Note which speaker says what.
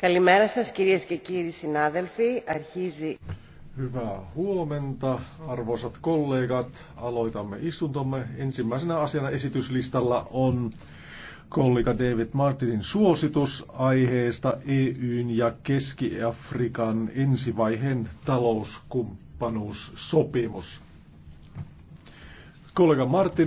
Speaker 1: Καλημέρα σας κυρίες και κύριοι συνάδελφοι. Αρχίζει...
Speaker 2: Hyvää huomenta, arvoisat kollegat. Aloitamme istuntomme. Ensimmäisenä asiana esityslistalla on kollega David Martinin suositus aiheesta EUn ja Keski-Afrikan ensivaiheen talouskumppanuussopimus. Kollega Martin,